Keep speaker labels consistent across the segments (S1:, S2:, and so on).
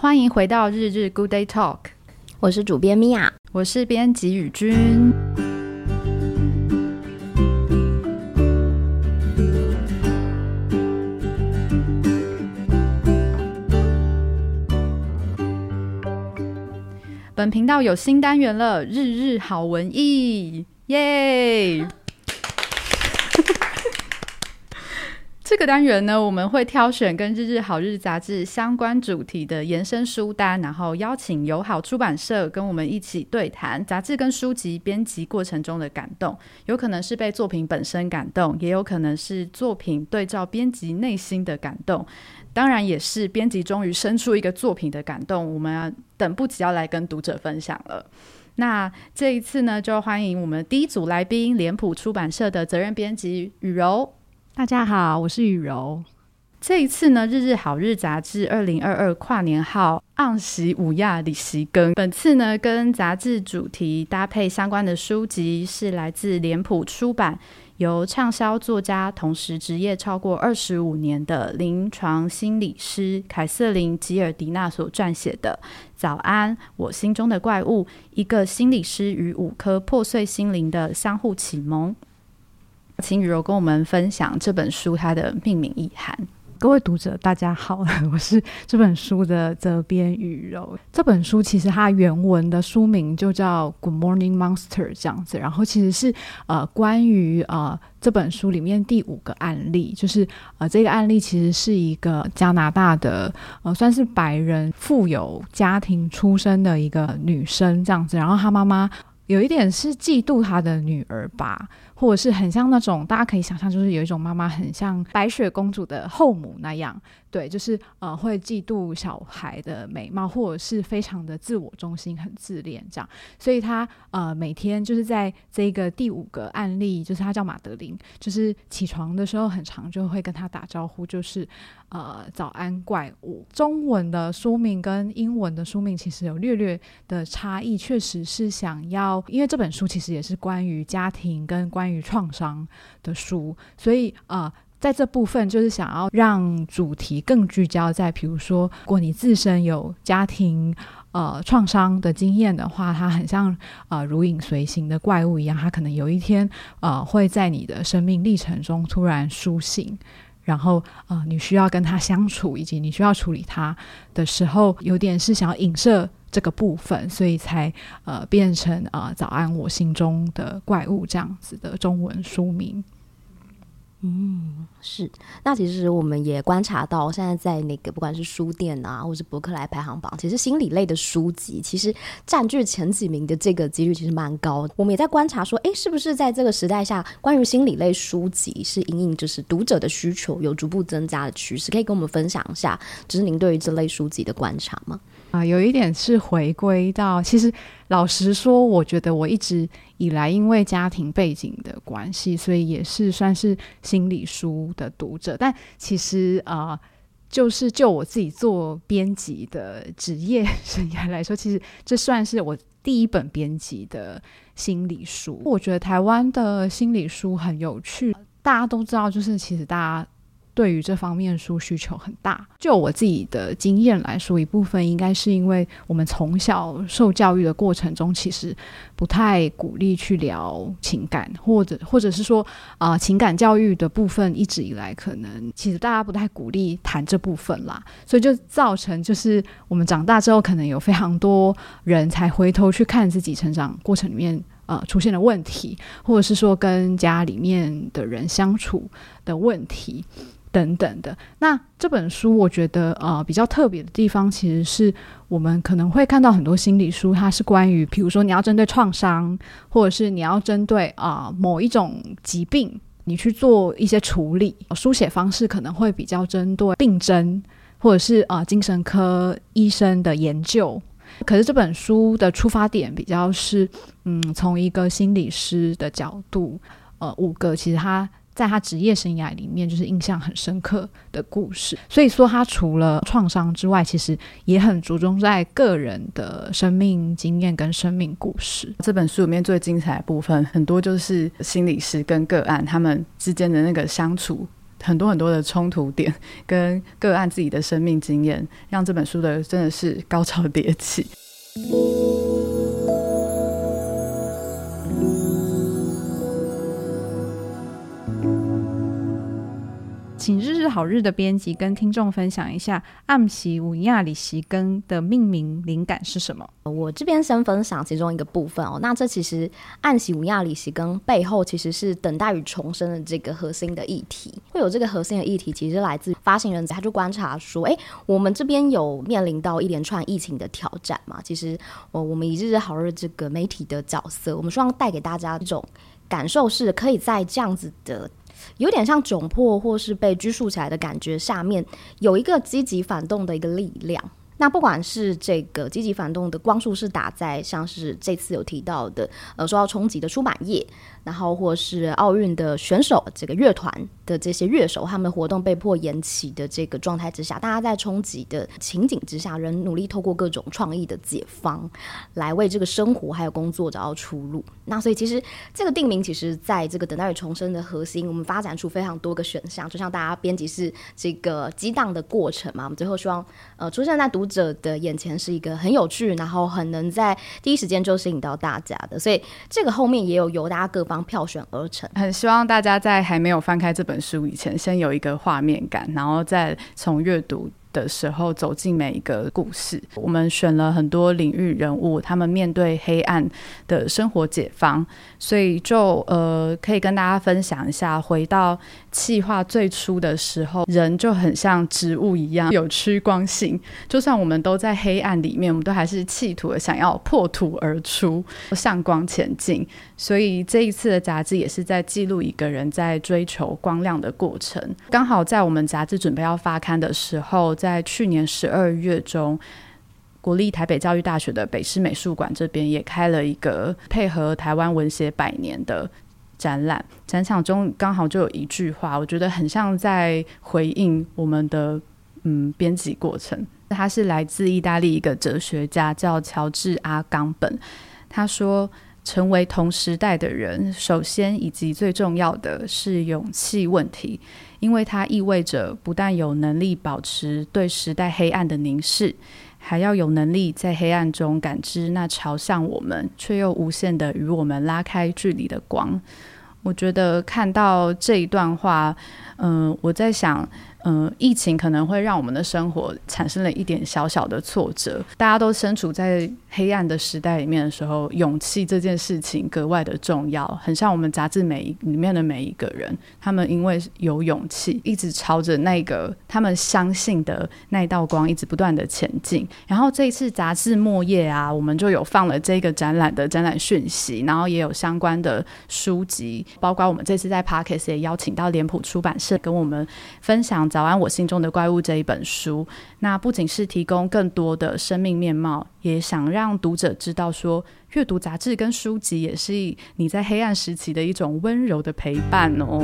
S1: 歡迎回到日日 Good Day Talk，我是主編米婭，我是編輯羽君。
S2: 嗯，本頻道有新單元了，日日好文藝，耶！Yeah! 這個單元呢，我們會挑選跟《日日好日》雜誌相關主題的延伸書單，然後邀請友好出版社跟我們一起對談雜誌跟書籍編輯過程中的感動。有可能是被作品本身感動，也有可能是作品對照編輯內心的感動。當然，也是編輯終於生出一個作品的感動。我們、啊、等不及要來跟讀者分享了。那這一次呢，就歡迎我們第一組來賓，臉譜出版社的責任編輯雨柔。大家好，我是雨柔。這一次呢，《日日好日》雜誌二零二二跨年號暗時有影日時光。本次呢，跟雜誌主題搭配相關的書籍是來自臉譜出版，由暢銷作家、同時執業超過二十五年的臨床心理師凱瑟琳·吉爾迪娜所撰寫的《早安，我心中的怪物：一個心理師與五顆破碎心靈的相互啟蒙》。請雨柔跟我們分享這本書它的命名意涵。各位讀者大家好，我是這本書的責
S1: 編雨柔。這本書其實它原文的書名就叫《Good Morning Monster》，這樣子。然後其實是呃關於呃這本書裡面第五個案例，就是呃這個案例其實是一個加拿大的呃算是白人富有家庭出身的一個女生這樣子。然後她媽媽有一點是嫉妒她的女兒吧。或者是很像那種，大家可以想象，就是有一種媽媽很像白雪公主的後母那樣，對，就是呃會嫉妒小孩的美貌，或者是非常的自我中心，很自戀這樣。所以她呃每天就是在這個第五個案例，就是她叫馬德琳，就是起床的時候很常就會跟她打招呼，就是呃早安怪物。中文的書名跟英文的書名其實有略略的差異，確實是想要，因為這本書其實也是關於家庭跟關。關於創傷的書，所以啊、呃，在這部分就是想要讓主題更聚焦在，比如說，如果你自身有家庭呃創傷的經驗的話，它很像啊、呃，如影隨形的怪物一樣，它可能有一天啊、呃，會在你的生命歷程中突然甦醒，然後啊、呃，你需要跟他相處，以及你需要處理它的時候，有點是想要影射。這個部分，所以才呃變成啊，呃“早安，我心中的怪
S3: 物”這樣子的中文書名。嗯，是。那其實我們也觀察到，現在在那個不管是書店啊，或是博客來排行榜，其實心理類的書籍其實佔據前幾名的這個幾率其實蠻高。我們也在觀察說，哎、欸，是不是在這個時代下，關於心理類書籍是因應就是讀者的需求有逐步增加的趨勢？可以跟我們分享一下，就是您對於這類書籍的觀察嗎？啊，有一點是回
S1: 歸到，其實老實說，我覺得我一直。以來，因為家庭背景的關係，所以也是算是心理書的讀者。但其實，呃，就是就我自己做編輯的職業生涯來說，其實這算是我第一本編輯的心理書。我覺得台灣的心理書很有趣，呃，大家都知道，就是其實大家，對於這方面書需求很大。就我自己的經驗來說，一部分應該是因為我們從小受教育的過程中，其實不太鼓勵去聊情感，或者或者是說啊、呃，情感教育的部分一直以來可能其實大家不太鼓勵談這部分啦，所以就造成就是我們長大之後可能有非常多人才回頭去看自己成長過程裡面啊、呃，出現的問題，或者是說跟家裡面的人相處的問題。等等的，那這本書我覺得呃比較特別的地方，其實是我們可能會看到很多心理書，它是關於，比如說你要針對創傷，或者是你要針對啊、呃、某一種疾病，你去做一些處理，呃、書寫方式可能會比較針對病症，或者是啊、呃、精神科醫生的研究。可是這本書的出發點比較是，嗯，從一個心理師的角度，呃，五個其實它。在他職業生涯裡面，就是印象很深刻的故事。所以說，他除了創傷之外，其實也很注
S2: 重在個人的生命經驗跟生命故事。這本書裡面最精彩的部分，很多就是心理師跟個案他們之間的那個相處，很多很多的衝突點，跟個案自己的生命經驗，讓這本書的真的是高潮迭起。嗯。
S1: 請日日好日的編輯跟聽眾分享一下《暗時有影日時光》
S3: 的命名靈感是什麼？我這邊先分享其中一個部分哦。那這其實《暗時有影日時光》背後其實是等待與重生的這個核心的議題。會有這個核心的議題，其實來自發行人，他就觀察說：“誒，我們這邊有面臨到一連串疫情的挑戰嘛？其實，哦，我們一日日好日這個媒體的角色，我們希望帶給大家一種感受，是可以在這樣子的。”有點像窘迫，或是被拘束起來的感覺，下面有一個積極反動的一個力量。那不管是這個積極反動的光束是打在像是這次有提到的，呃，說要衝擊的出版業。然後，或是奧運的選手，這個樂團的這些樂手，他們的活動被迫延期的這個狀態之下，大家在衝擊的情景之下，人努力透過各種創意的解方，來為這個生活還有工作找到出路。那所以，其實這個定名，其實在這個等待與重生的核心，我們發展出非常多個選項。就像大家編輯是這個激盪的過程嘛，我們最後希望，呃，出現在讀者的眼前是一個很有趣，然後很能在第一時間就吸引到大家的。所以，這個後面也有由大家各方。票選而成，
S2: 很希望大家在還沒有翻開這本書以前，先有一個畫面感，然後再從閱讀的時候走進每一個故事，我們選了很多領域人物，他們面對黑暗的生活解方，所以就呃可以跟大家分享一下。回到企劃最初的時候，人就很像植物一樣有趨光性，就算我們都在黑暗裡面，我們都還是企圖想要破土而出，向光前進。所以這一次的雜誌也是在記錄一個人在追求光亮的過程。剛好在我們雜誌準備要發刊的時候，在去年十二月中，國立台北教育大學的北師美術館這邊也開了一個配合台灣文學百年的展覽。展場中剛好就有一句話，我覺得很像在回應我們的嗯編輯過程。他是來自意大利一個哲學家，叫喬治阿岡本，他說。成為同時代的人，首先以及最重要的是勇氣問題，因為它意味着不但有能力保持對時代黑暗的凝視，還要有能力在黑暗中感知那朝向我們卻又無限的與我們拉開距離的光。我覺得看到這一段話，嗯、呃，我在想。嗯、呃，疫情可能會讓我們的生活產生了一點小小的挫折。大家都身處在黑暗的時代裡面的時候，勇氣這件事情格外的重要。很像我們雜誌每一裡面的每一個人，他們因為有勇氣，一直朝着那個他們相信的那一道光，一直不斷的前進。然後這次雜誌末頁啊，我們就有放了這個展覽的展覽訊息，然後也有相關的書籍，包括我們這次在 Podcast 也邀請到臉譜出版社跟我們分享。《早安，我心中的怪物》這一本書，那不僅是提供更多的生命面貌，也想讓讀者知道說，說閱讀雜誌跟書籍也是你在黑暗時期的一種溫柔的陪伴哦。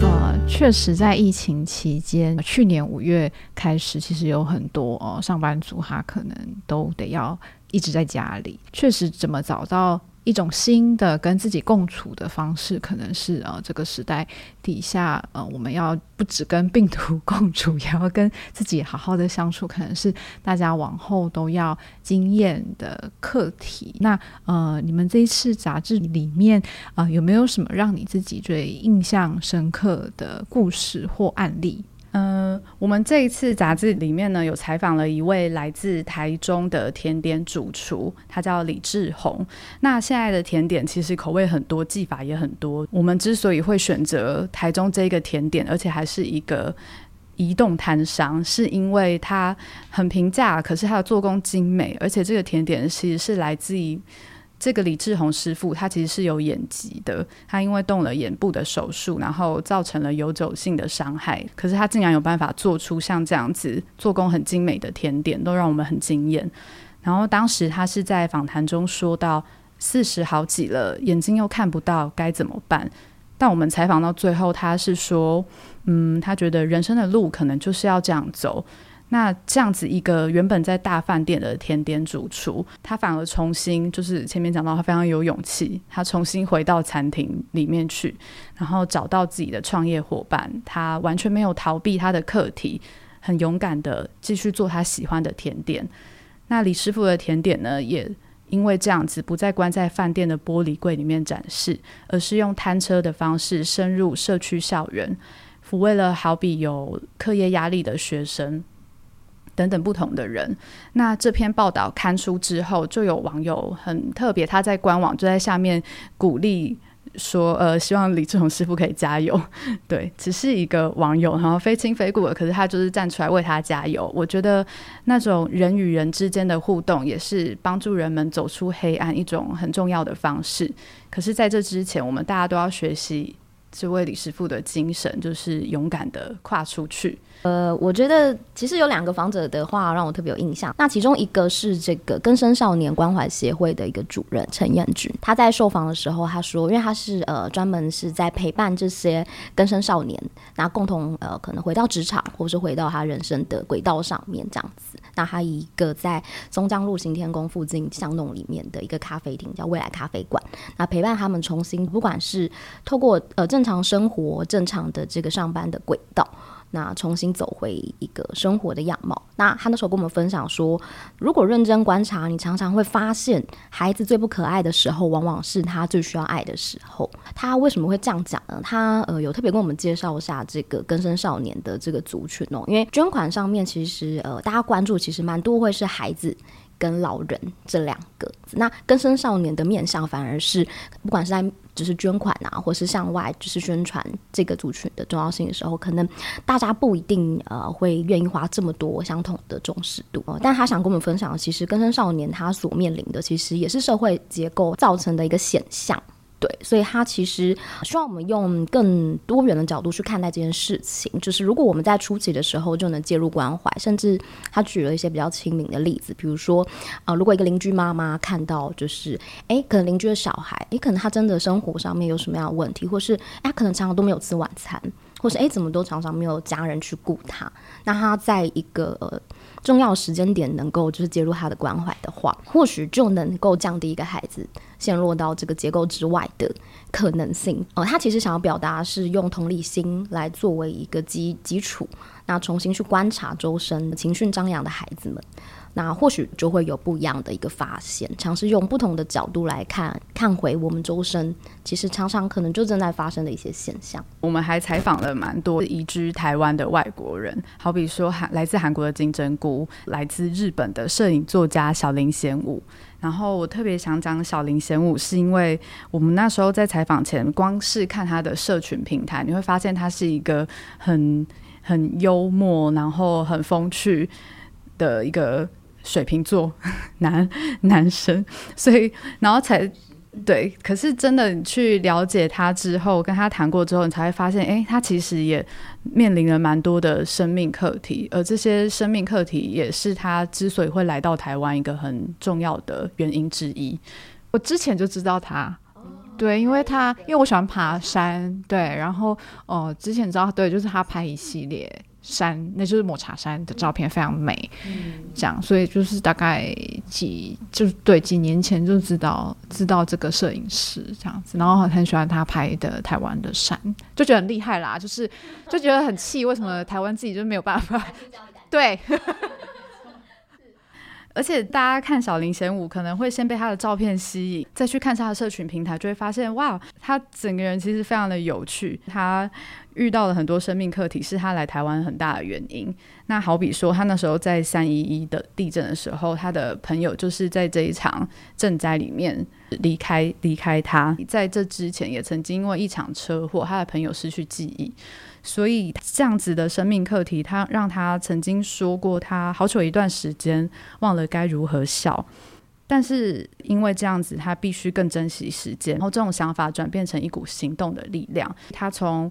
S1: 呃，確實，在疫情期間，去年五月開始，其實有很多、呃、上班族他可能都得要。一直在家裡，確實怎麼找到一種新的跟自己共處的方式，可能是呃，這個時代底下，呃，我們要不只跟病毒共處，也要跟自己好好的相處，可能是大家往後都要經驗的課題。那呃，你們這一次雜誌裡面啊，呃，有沒有什麼讓你自己最
S2: 印象深刻的故事或案例？嗯、呃，我們這一次雜誌裡面呢，有採訪了一位來自台中的甜點主廚，他叫李志宏。那現在的甜點其實口味很多，技法也很多。我們之所以會選擇台中這個甜點，而且還是一個移動攤商，是因為它很平價，可是它的做工精美，而且這個甜點其實是來自於。這個李志宏師傅，他其實是有眼疾的，他因為動了眼部的手術，然後造成了永久性的傷害。可是他竟然有辦法做出像這樣子做工很精美的甜點，都讓我們很驚艷。然後當時他是在訪談中說到，四十好幾了，眼睛又看不到，該怎麼辦？但我們採訪到最後，他是說，嗯，他覺得人生的路可能就是要這樣走。那這樣子一個原本在大飯店的甜點主廚，他反而重新就是前面講到他非常有勇氣，他重新回到餐廳裡面去，然後找到自己的創業夥伴。他完全沒有逃避他的課題，很勇敢的繼續做他喜歡的甜點。那李師傅的甜點呢，也因為這樣子不再關在飯店的玻璃櫃裡面展示，而是用攤車的方式深入社區、校園，撫慰了好比有課業壓力的學生。等等不同的人，那這篇報道刊出之後，就有網友很特別，他在官網就在下面鼓勵說：“呃，希望李志宏師傅可以加油。”對，只是一個網友，然後非親非故的，可是他就是站出來為他加油。我覺得那種人與人之間的互動，也是幫助人們走出黑暗一種很重要的方式。可是，在這之前，我們大家都要學習
S3: 這位李師傅的精神，就是勇敢的跨出去。呃，我覺得其實有兩個訪者的話讓我特別有印象。那其中一個是這個更生少年關懷協會的一個主任陳彥君，他在受訪的時候他說，因為他是呃專門是在陪伴這些更生少年，那共同呃可能回到職場或是回到他人生的軌道上面這樣子。那他一個在松江路行天宮附近巷弄裡面的一個咖啡廳叫未來咖啡館，那陪伴他們重新不管是透過呃正常生活、正常的這個上班的軌道。那重新走回一個生活的樣貌。那他那時候跟我們分享說，如果認真觀察，你常常會發現，孩子最不可愛的時候，往往是他最需要愛的時候。他為什麼會這樣講呢？他呃有特別跟我們介紹一下這個更生少年的這個族群哦，因為捐款上面其實呃大家關注其實蠻多會是孩子。跟老人、這兩個，那更生少年的面向反而是，不管是在只是捐款啊，或是向外就是宣傳這個族群的重要性的時候，可能大家不一定呃會願意花這麼多相同的重視度。呃，但他想跟我們分享的，其實更生少年他所面臨的，其實也是社會結構造成的一個現象。對，所以他其實希望我們用更多元的角度去看待這件事情，就是如果我們在初期的時候就能介入關懷，甚至他舉了一些比較親民的例子，比如說啊、呃，如果一個鄰居媽媽看到，就是誒，可能鄰居的小孩，你可能他真的生活上面有什麼樣的問題，或是誒他可能常常都沒有吃晚餐。或是誒，怎麼都常常沒有家人去顧他，那他在一個、呃、重要時間點能夠就是介入他的關懷的話，或許就能夠降低一個孩子陷入到這個結構之外的可能性。哦、呃，他其實想要表達是用同理心來作為一個基基礎，那重新去觀察周身情緒張揚的孩子們。那或許就會有不一樣的一個發現，嘗試用不同的角度來看，看回我們周身，其實常常可能就正在發生的一些現
S2: 象。我們還採訪了蠻多移居台灣的外國人，好比說韓來自韓國的金針菇，來自日本的攝影作家小林賢武。然後我特別想講小林賢武，是因為我們那時候在採訪前，光是看他的社群平台，你會發現他是一個很很幽默，然後很風趣的一個。水瓶座男男生，所以然後才對，可是真的去了解他之後，跟他談過之後，你才會發現，誒，他其實也面臨了蠻多的生命課題，而這些生命課題也是他之所以會來到台灣一個很重要的原因之一。我之前就知道他，對，因為他因為我喜歡爬山，對，
S1: 然後哦，之前知道，對，就是他拍一系列。山，那就是抹茶山的照片，嗯、非常美，嗯、這樣，所以就是大概幾，就是對幾年前就知道知道這個攝影師這樣子，然後很喜歡他拍的台灣的山，就覺得很厲害啦，就是就覺得很氣，為什麼台灣自己就沒有辦法？嗯、對，嗯、
S2: 而且大家看小林賢武，可能會先被他的照片吸引，再去看他的社群平台，就會發現哇，他整個人其實非常的有趣，他遇到了很多生命課題，是他來台灣很大的原因。那好比說，他那時候在三一一的地震的時候，他的朋友就是在這一場震災裡面離開，離開他。在這之前，也曾經因為一場車禍，他的朋友失去記憶。所以這樣子的生命課題，他讓他曾經說過，他好久一段時間忘了該如何笑。但是因為這樣子，他必須更珍惜時間，然後這種想法轉變成一股行動的力量。他從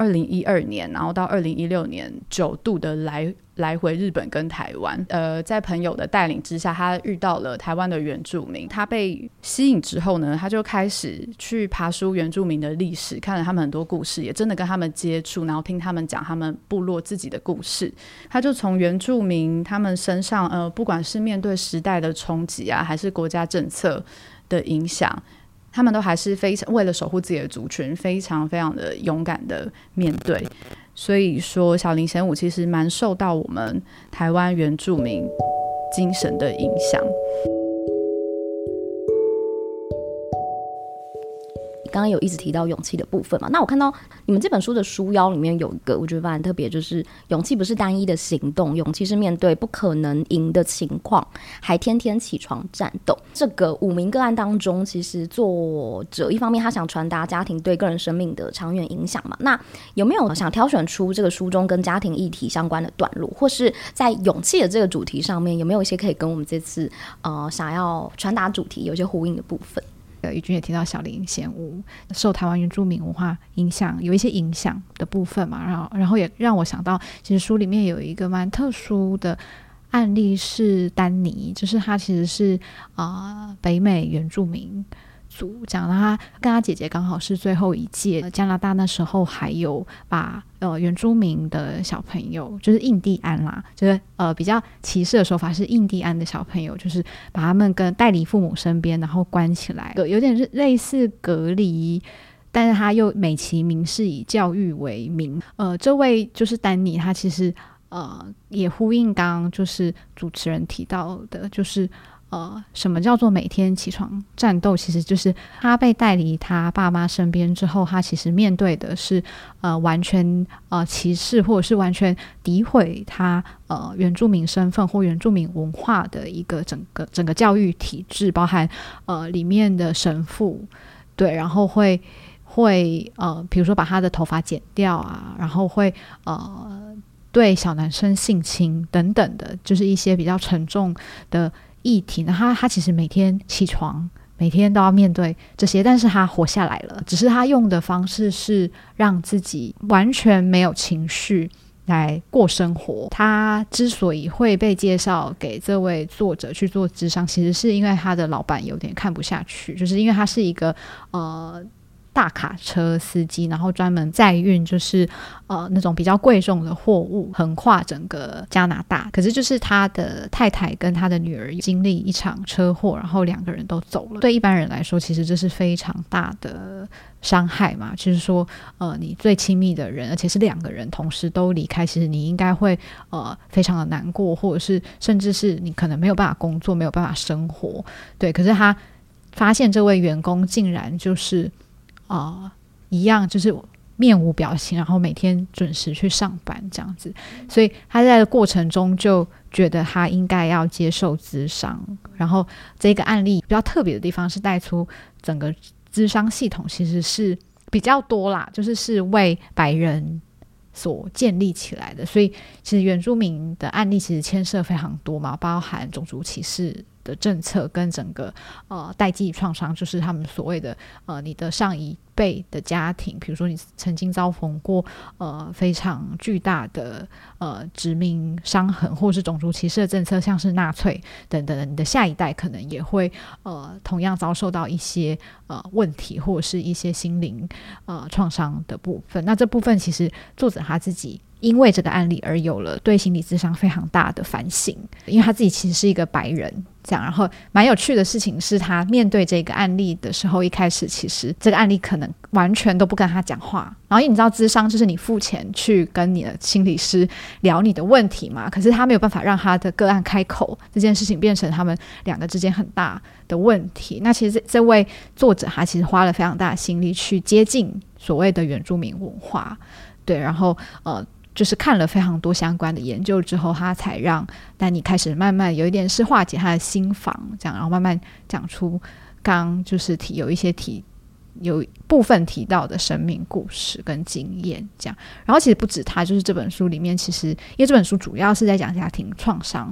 S2: 二零一二年，然後到二零一六年，九度的來來回日本跟台灣。呃，在朋友的帶領之下，他遇到了台灣的原住民。他被吸引之後呢，他就開始去爬梳原住民的歷史，看了他們很多故事，也真的跟他們接觸，然後聽他們講他們部落自己的故事。他就從原住民他們身上，呃，不管是面對時代的衝擊啊，還是國家政策的影響。他們都還是非常為了守護自己的族群，非常非常的勇敢的面對。所以說，小林賢武其實蠻受到我們台灣原住民精神的影響。
S3: 剛剛有一直提到勇氣的部分嘛，那我看到你們這本書的書腰裡面有一個，我覺得蠻特別就是勇氣不是單一的行動，勇氣是面對不可能贏的情況，還天天起床戰鬥。這個五名個案當中，其實作者一方面他想傳達家庭對個人生命的長遠影響嘛。那有沒有想挑選出這個書中跟家庭議題相關的段落，或是在勇氣的這個主題上面，有沒有一些可以跟我們這次呃想要傳達主題有些呼應的部分？呃，羽君也提到小林賢吾受台灣原住民文化影響，
S1: 有一些影響的部分嘛，然後，然後也讓我想到，其實書裡面有一個蠻特殊的案例是丹尼，就是他其實是啊、呃、北美原住民。講到他跟他姐姐剛好是最後一屆，加拿大那時候還有把，呃，原住民的小朋友就是印第安啦，就是呃比較歧視的說法是印第安的小朋友，就是把他們跟帶離父母身邊，然後關起來，有點是類似隔離，但是他又美其名是以教育為名，呃，這位就是丹尼，他其實呃也呼應剛就是主持人提到的就是。呃，什麼叫做每天起床戰鬥？其實就是他被帶離他爸媽身邊之後，他其實面對的是呃完全呃歧視或者是完全詆毀他呃原住民身份或原住民文化的一個整個整個教育體制，包含呃裡面的神父。對，然後會會呃比如說把他的頭髮剪掉啊，然後會呃對小男生性侵等等的，就是一些比較沉重的。議題呢，他他其實每天起床，每天都要面對這些，但是他活下來了。只是他用的方式是讓自己完全沒有情緒來過生活。他之所以會被介紹給這位作者去做諮商，其實是因為他的老闆有點看不下去，就是因為他是一個呃。大卡車司機，然後專門載運就是呃那種比較貴重的貨物，橫跨整個加拿大。可是就是他的太太跟他的女兒經歷一場車禍，然後兩個人都走了。對一般人來說，其實這是非常大的傷害嘛。就是說，呃，你最親密的人，而且是兩個人同時都離開，其實你應該會呃非常的難過，或者是甚至是你可能沒有辦法工作，沒有辦法生活。對，可是他發現這位員工竟然就是。啊、呃，一樣就是面無表情，然後每天準時去上班這樣子，所以他在這個過程中就覺得他應該要接受諮商。然後這個案例比較特別的地方是帶出整個諮商系統，其實是比較多啦，就是是為白人所建立起來的。所以其實原住民的案例其實牽涉非常多嘛，包含種族歧視。的政策跟整個呃代際創傷，就是他們所謂的呃你的上一輩的家庭，比如說你曾經遭逢過呃非常巨大的呃殖民傷痕，或是種族歧視的政策，像是納粹等等的，你的下一代可能也會呃同樣遭受到一些呃問題，或者是一些心靈呃創傷的部分。那這部分其實作者他自己。因為這個案例而有了對心理諮商非常大的反省，因為他自己其實是一個白人，這樣，然後蠻有趣的事情是他面對這個案例的時候，一開始其實這個案例可能完全都不跟他講話，然後因為你知道諮商就是你付錢去跟你的心理師聊你的問題嘛，可是他沒有辦法讓他的個案開口，這件事情變成他們兩個之間很大的問題。那其實這，這位作者他其實花了非常大的心力去接近所謂的原住民文化，對，然後呃。就是看了非常多相關的研究之後，他才讓丹尼開始慢慢有一點是化解他的心房。這樣，然後慢慢講出剛剛就是提有一些提有部分提到的生命故事跟經驗，這樣。然後其實不止他，就是這本書裡面，其實因為這本書主要是在講家庭創傷，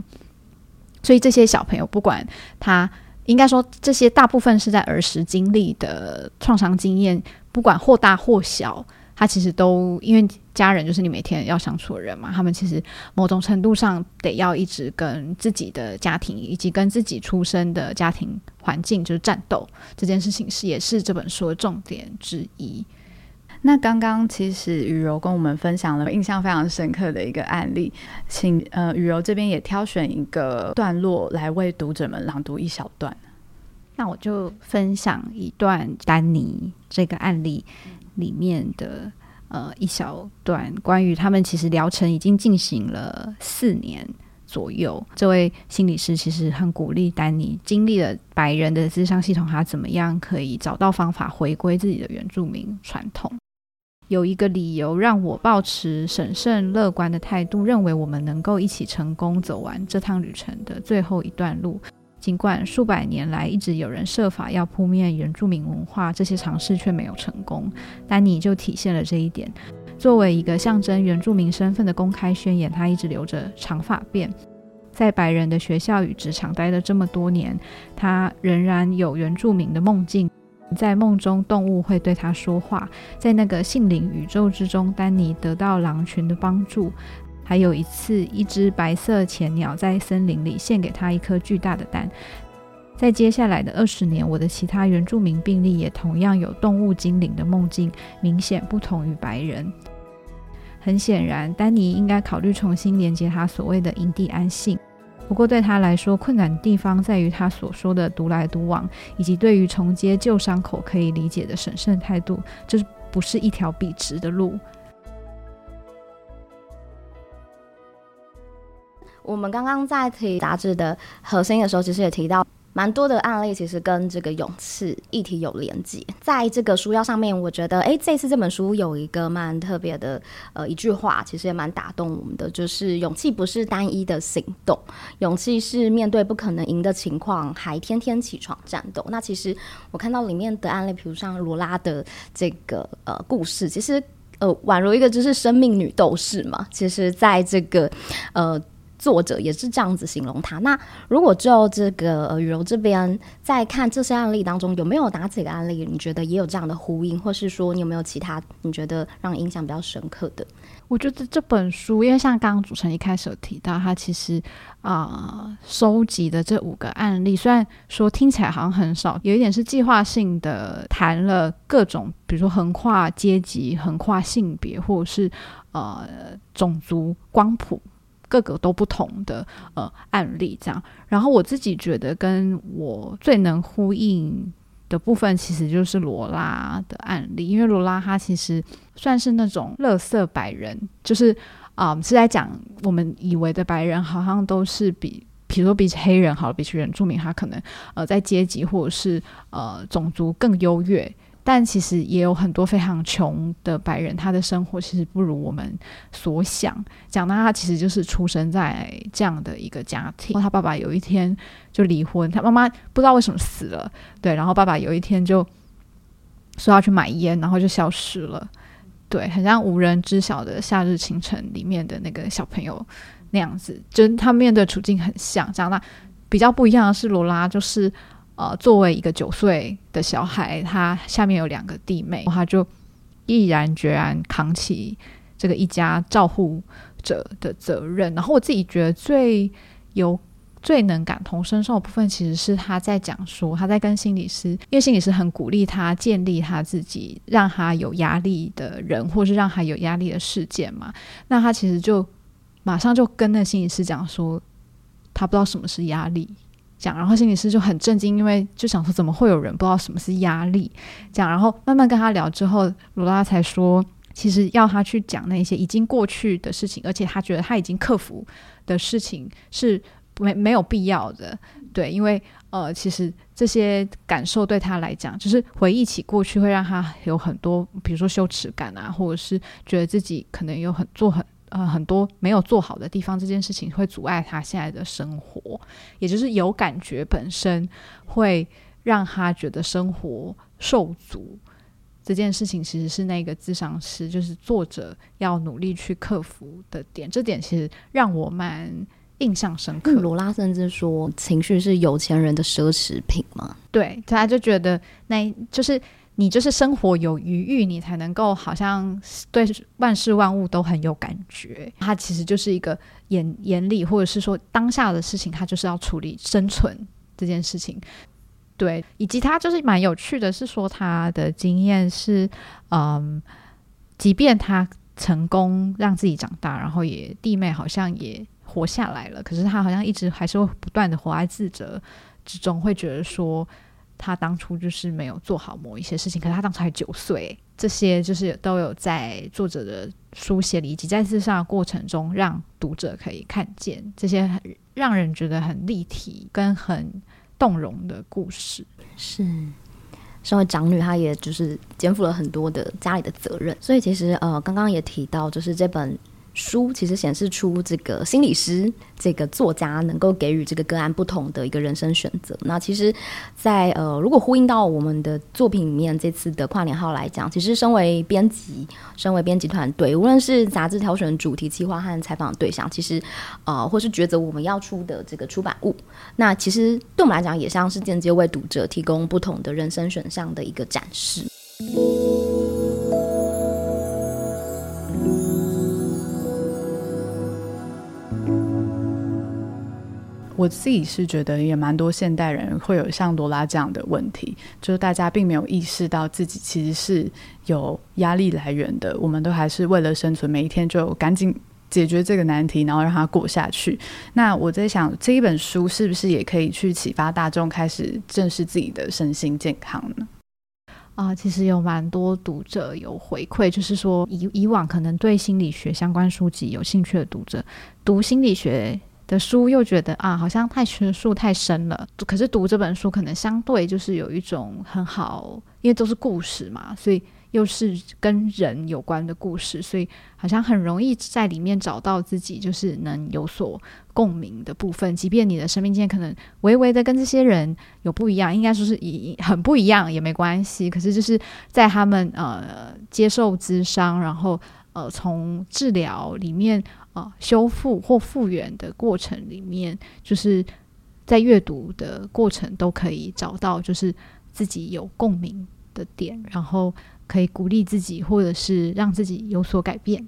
S1: 所以這些小朋友不管他，應該說這些大部分是在兒時經歷的創傷經驗，不管或大或小。他其實都因為家人，就是你每天要相處的人嘛，他們其實某種程度上得要一直跟自己的家庭以及跟自己出生的家庭環境就是戰鬥，這件事情是也是這本書的
S2: 重點之一。那剛剛其實雨柔跟我們分享了印象非常深刻的一個案例，請呃，雨柔這邊也挑選一個段落來為讀者們朗讀一小段。那我就分享一段丹尼這個案例。裡面的
S1: 呃一小段關於他們其實療程已經進行了四年左右，這位心理師其實很鼓勵丹尼經歷了白人的諮商系統，他怎麼樣可以找到方法回歸自己的原住民傳統？有一個理由讓我抱持審慎樂觀的態度，認為我們能夠一起成功走完這趟旅程的最後一段路。儘管數百年來一直有人設法要撲滅原住民文化，這些嘗試卻沒有成功。丹尼就體現了這一點。作為一個象徵原住民身份的公開宣言，他一直留着長髮辮。在白人的學校與職場待了這麼多年，他仍然有原住民的夢境。在夢中，動物會對他說話。在那個性靈宇宙之中，丹尼得到狼群的幫助。還有一次，一隻白色潛鳥在森林裡獻給他一顆巨大的蛋。在接下來的二十年，我的其他原住民病例也同樣有動物精靈的夢境，明顯不同於白人。很顯然，丹尼應該考慮重新連接他所謂的印第安性。不過對他來說，困難的地方在於他所說的獨來獨往，以及對於重接舊傷口可以理解的審慎態度，這不是一條筆直的
S3: 路。我們剛剛在提雜誌的核心的時候，其實也提到蠻多的案例，其實跟這個勇氣議題有連接，在這個書腰上面，我覺得，誒，這次這本書有一個蠻特別的，呃，一句話，其實也蠻打動我們的，就是勇氣不是單一的行動，勇氣是面對不可能贏的情況，還天天起床戰鬥。那其實我看到裡面的案例，比如像羅拉的這個呃故事，其實呃宛如一個就是生命女鬥士嘛。其實在這個呃。作者也是這樣子形容他。那如果就這個呃，雨柔這邊，在看這些案例當中，有沒有哪幾個案例你覺得也有這樣的呼應，或是說你有沒有其他你覺得讓印象比較深刻的？我覺得這本書，因為像剛剛主持人一開始有提到，他其實
S1: 啊呃，收集的這五個案例，雖然說聽起來好像很少，有一點是計劃性的談了各種，比如說橫跨階級、橫跨性別，或者是呃種族光譜。各個都不同的呃案例，這樣。然後我自己覺得跟我最能呼應的部分，其實就是羅拉的案例，因為羅拉她其實算是那種垃圾白人，就是啊、呃、是在講我們以為的白人好像都是比，比如說比起黑人好，比起原住民，他可能呃在階級或者是呃種族更優越。但其實也有很多非常窮的白人，他的生活其實不如我們所想。講到他，其實就是出生在這樣的一個家庭。然後他爸爸有一天就離婚，他媽媽不知道為什麼死了。對，然後爸爸有一天就說要去買菸，然後就消失了。對，很像無人知曉的夏日清晨裡面的那個小朋友那樣子，真、就是、他面對的處境很像。這樣，比較不一樣的是羅拉，就是。呃，作為一個九歲的小孩，他下面有兩個弟妹，他就毅然決然扛起這個一家照顧者的責任。然後我自己覺得最有最能感同身受的部分，其實是他在講說，他在跟心理師，因為心理師很鼓勵他建立他自己，讓他有壓力的人或是讓他有壓力的事件嘛。那他其實就馬上就跟那心理師講說，他不知道什麼是壓力。講，然後心理師就很震驚，因為就想說怎麼會有人不知道什麼是壓力？講，然後慢慢跟他聊之後，羅拉才說，其實要他去講那些已經過去的事情，而且他覺得他已經克服的事情是沒沒有必要的。對，因為呃，其實這些感受對他來講，就是回憶起過去會讓他有很多，比如說羞恥感啊，或者是覺得自己可能有很做很。呃，很多沒有做好的地方，這件事情會阻礙他現在的生活，也就是有感覺本身會讓他覺得生活受阻。這件事情其實是那個諮商師，就是作者要努力去克服的點。這點其實讓我蠻
S3: 印象深刻。羅拉甚至說，情緒是有錢人的奢侈品嗎？
S1: 對，他就覺得那就是。你就是生活有餘裕，你才能夠好像對萬事萬物都很有感覺。他其實就是一個眼眼裡，或者是說當下的事情，他就是要處理生存這件事情。對，以及他就是蠻有趣的，是說他的經驗是，嗯，即便他成功讓自己長大，然後也弟妹好像也活下來了，可是他好像一直還是會不斷的活在自責之中，會覺得說。他當初就是沒有做好某一些事情，可是他當初還九歲，這些就是都有在作者的書寫裡以及在字上的過程中，讓讀者可以看見這些
S3: 很讓人覺得很立體跟很動容的故事。是，身為長女，她也就是肩負了很多的家裡的責任。所以其實呃，剛剛也提到，就是這本。書其實顯示出這個心理師，這個作家能夠給予這個個案不同的一個人生選擇。那其實在，在呃，如果呼應到我們的作品裡面，這次的跨年號來講，其實身為編輯，身為編輯團隊，無論是雜誌挑選主題、企劃和採訪的對象，其實呃，或是抉擇我們要出的這個出版物，那其實對我們來講，也像是間接為讀者提供不同的人生選項的一個展示。
S2: 我自己是覺得也蠻多現代人會有像羅拉這樣的問題，就是大家並沒有意識到自己其實是有壓力來源的。我們都還是為了生存，每一天就趕緊解決這個難題，然後讓它過下去。那我在想，這一本書是不是也可以去啟發大眾，開始正視自己的身心健康呢？
S1: 啊、呃，其實有蠻多讀者有回饋，就是說以以往可能對心理學相關書籍有興趣的讀者，讀心理學。的書又覺得啊，好像太學術、太深了。可是讀這本書，可能相對就是有一種很好，因為都是故事嘛，所以又是跟人有關的故事，所以好像很容易在裡面找到自己，就是能有所共鳴的部分。即便你的生命經驗可能微微的跟這些人有不一樣，應該說是一很不一樣也沒關係。可是就是在他們呃接受諮商，然後呃從治療裡面。修復或復原的過程裡面，就是在閱讀的過程都可以找到，就是自己有共鳴的點，然後可以鼓勵自己，或者是讓自己有
S3: 所改變。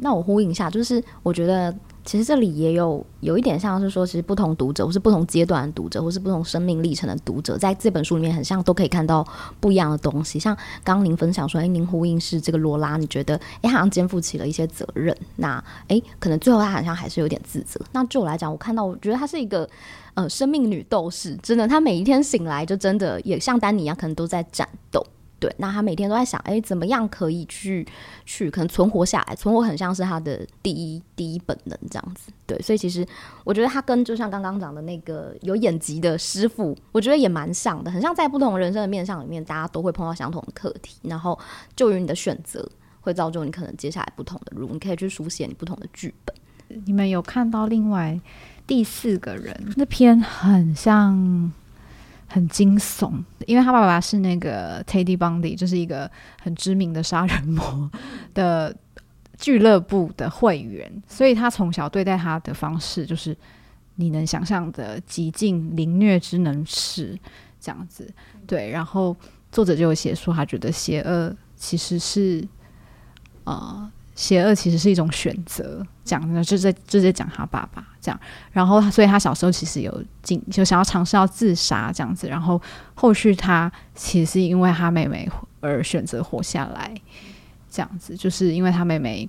S3: 那我呼應一下，就是我覺得。其實這裡也有有一點像是說，其實不同讀者或是不同階段的讀者，或是不同生命歷程的讀者，在這本書裡面，很像都可以看到不一樣的東西。像剛剛您分享說，誒、哎，您呼應是這個羅拉，你覺得哎，好像肩負起了一些責任。那哎，可能最後她好像還是有點自責。那就我來講，我看到我覺得她是一個呃生命女鬥士，真的，她每一天醒來就真的也像丹尼一樣，可能都在戰鬥。對，那他每天都在想，哎，怎麼樣可以去去可能存活下來？存活很像是他的第一第一本能這樣子。對，所以其實我覺得他跟就像剛剛講的那個有眼疾的師傅，我覺得也蠻像的，很像在不同人生的面向裡面，大家都會碰到相同的課題，然後就於你的選擇會造就你可能接下來不同的路，你可以去書寫你不同的劇本。你們有看到另外第四個人
S1: 那篇很像？很驚悚，因為他爸爸是那個 Teddy Bundy，就是一個很知名的殺人魔的俱樂部的會員，所以他從小對待他的方式就是你能想象的極盡凌虐之能事這樣子。對，然後作者就有寫說，他覺得邪惡其實是啊。呃邪惡其實是一種選擇，講的就在就在講他爸爸這樣，然後他所以他小時候其實有進就想要嘗試要自殺這樣子，然後後續他其實是因為他妹妹而選擇活下來，這樣子就是因為他妹妹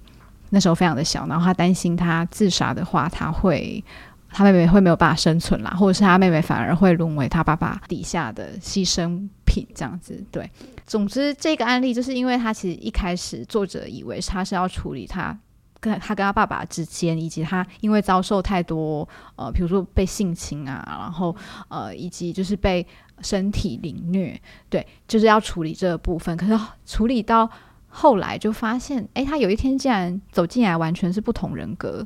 S1: 那時候非常的小，然後他擔心他自殺的話他會。他妹妹會沒有辦法生存啦，或者是他妹妹反而會淪為他爸爸底下的犧牲品這樣子。對，總之這個案例就是因為他其實一開始作者以為他是要處理他跟他跟他爸爸之間，以及他因為遭受太多呃，比如說被性侵啊，然後呃以及就是被身體凌虐，對，就是要處理這個部分。可是處理到後來就發現，哎，他有一天竟然走進來完全是不同人格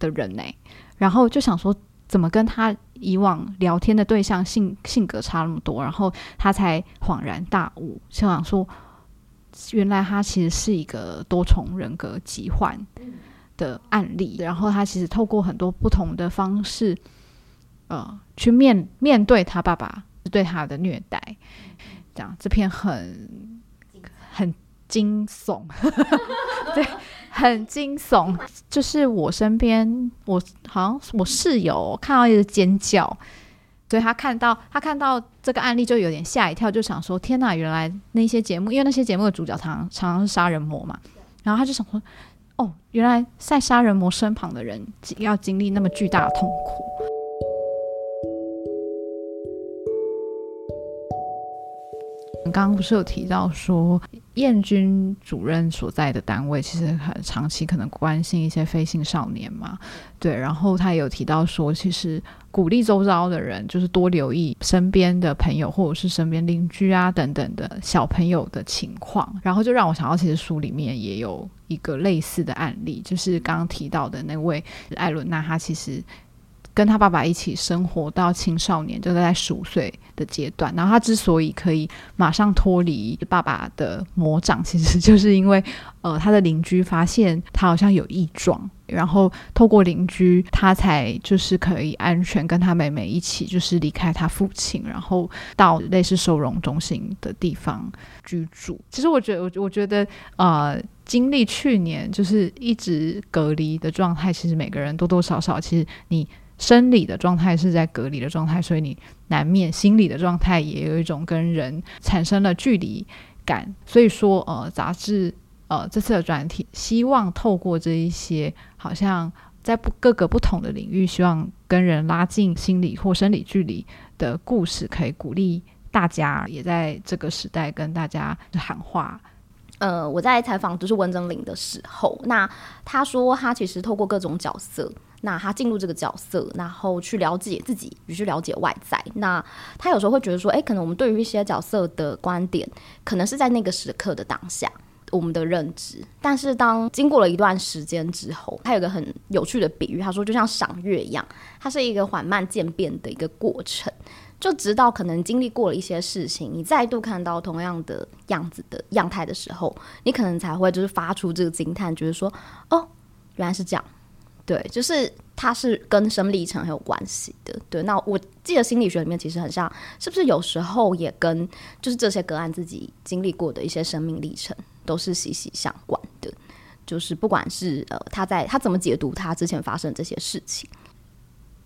S1: 的人呢、欸。然後就想說，怎麼跟他以往聊天的對象性性格差那麼多？然後他才恍然大悟，就想說，原來他其實是一個多重人格疾患的案例。嗯、然後他其實透過很多不同的方式，呃，去面面對他爸爸對他的虐待，這樣，這篇很很。驚悚， 對，很驚悚。就是我身邊，我好像我室友我看到一直尖叫，對，他看到他看到這個案例就有點嚇一跳，就想說：“天吶，原來那些節目，因為那些節目的主角常常常是殺人魔嘛。”然後他就想說：“哦，原來在殺人魔身旁的人要經歷那麼巨大的痛苦。”剛剛不是有提到說，燕軍主任所在的單位其實很長期可能關心一些非行少年嘛。對，然後他也有提到說，其實鼓勵周遭的人就是多留意身邊的朋友或者是身邊鄰居啊等等的小朋友的情況，然後就讓我想到，其實書裡面也有一個類似的案例，就是剛剛提到的那位艾倫娜，他其實跟他爸爸一起生活到青少年，就大概十五歲的階段。然後他之所以可以馬上脫離爸爸的魔掌，其實就是因為呃，他的鄰居發現他好像有異狀，然後透過鄰居，他才就是可以安全跟他妹妹一起就是離開他父親，然後到類似收容中心的地方居住。其實我覺得，我我覺得呃，經歷去年就是一直隔離的狀態，其實每個人多多少少其實你。生理的狀態是在隔離的狀態，所以你難免心理的狀態也有一種跟人產生了距離感。所以說，呃，雜誌，呃，這次的專題希望透過這一些，好像在不各個不同的領域，希望跟人拉近心理或生理距離的故事，可以鼓勵大家，也在
S3: 這個時代跟大家喊話。呃，我在採訪就是溫貞菱的時候，那他說他其實透過各種角色。那他進入這個角色，然後去了解自己，也去了解外在。那他有時候會覺得說，哎，可能我們對於一些角色的觀點，可能是在那個時刻的當下，我們的認知。但是當經過了一段時間之後，他有個很有趣的比喻，他說就像賞月一樣，它是一個緩慢漸變的一個過程。就直到可能經歷過了一些事情，你再度看到同樣的樣子的樣態的時候，你可能才會就是發出這個驚嘆，覺得說，哦，原來是這樣。對，就是它是跟生命歷程很有關係的。對，那我記得心理學裡面其實很像，是不是有時候也跟就是這些個案自己經歷過的一些生命歷程都是息息相關的？就是不管是呃，他在他怎麼解讀他之前發生的這些事情，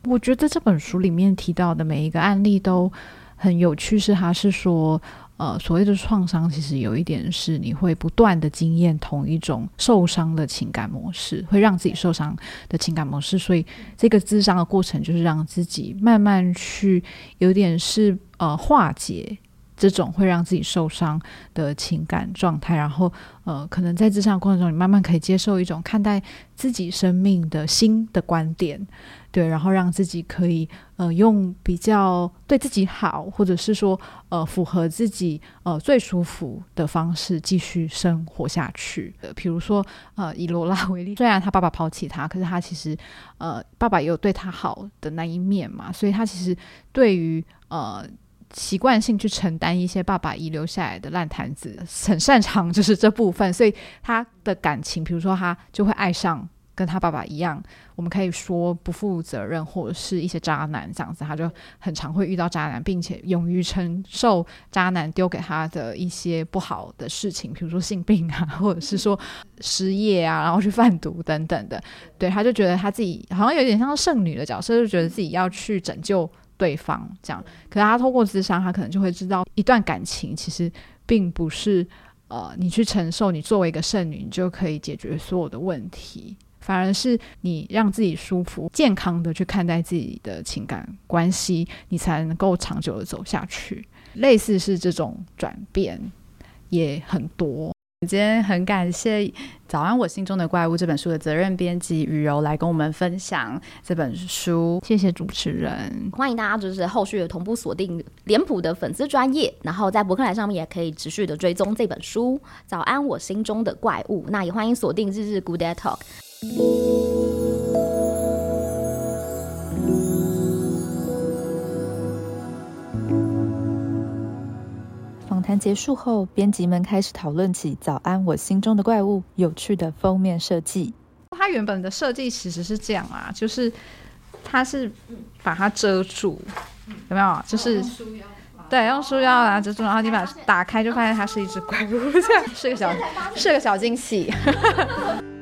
S3: 我
S1: 覺得這本書裡面提到的每一個案例都很有趣，是他是說。呃，所謂的創傷，其實有一點是你會不斷的經驗同一種受傷的情感模式，會讓自己受傷的情感模式，所以這個諮商的過程就是讓自己慢慢去有點是呃化解。這種會讓自己受傷的情感狀態，然後呃，可能在自洽過程中，你慢慢可以接受一種看待自己生命的新的觀點，對，然後讓自己可以呃用比較對自己好，或者是說呃符合自己呃最舒服的方式繼續生活下去。呃，比如說呃以羅拉為例，雖然他爸爸拋棄他，可是他其實呃爸爸也有對他好的那一面嘛，所以他其實對於呃。習慣性去承擔一些爸爸遺留下來的爛攤子，很擅長就是這部分，所以他的感情，比如說他就會愛上跟他爸爸一樣，我們可以說不負責任或者是一些渣男這樣子，他就很常會遇到渣男，並且勇於承受渣男丟給他的一些不好的事情，比如說性病啊，或者是說失業啊，然後去販毒等等的，對，他就覺得他自己好像有點像聖女的角色，就覺得自己要去拯救。對方這樣，可是他通過諮商，他可能就會知道，一段感情其實並不是，呃，你去承受，你作為一個聖女，你就可以解決所有的問題，反而是你讓自己舒服、健康的去看待自己的情感關係，你才能夠長久的走下去。類似是這種
S2: 轉變，也很多。今天很感謝《早安，我心中的怪物》這本書的責任編輯雨柔來跟我們分享這本書，謝謝主持人，
S3: 歡迎大家就是後續的同步鎖定臉譜的粉絲專頁，然後在博客來上面也可以持續的追蹤這本書《早安，我心中的怪物》，那也歡迎鎖定日日 Good Day Talk。
S2: 談結束後，編輯們開始討論起《早安，我心中的怪物》有趣的封面設計。
S1: 它原本的設計其實是這樣啊，就是它是把它遮住，有沒有？就是、哦、對，用書腰來遮住，開然後你把打開，打開他就發現它是一隻怪物這樣，是、是、是個小是、是、是、是、是個小驚喜。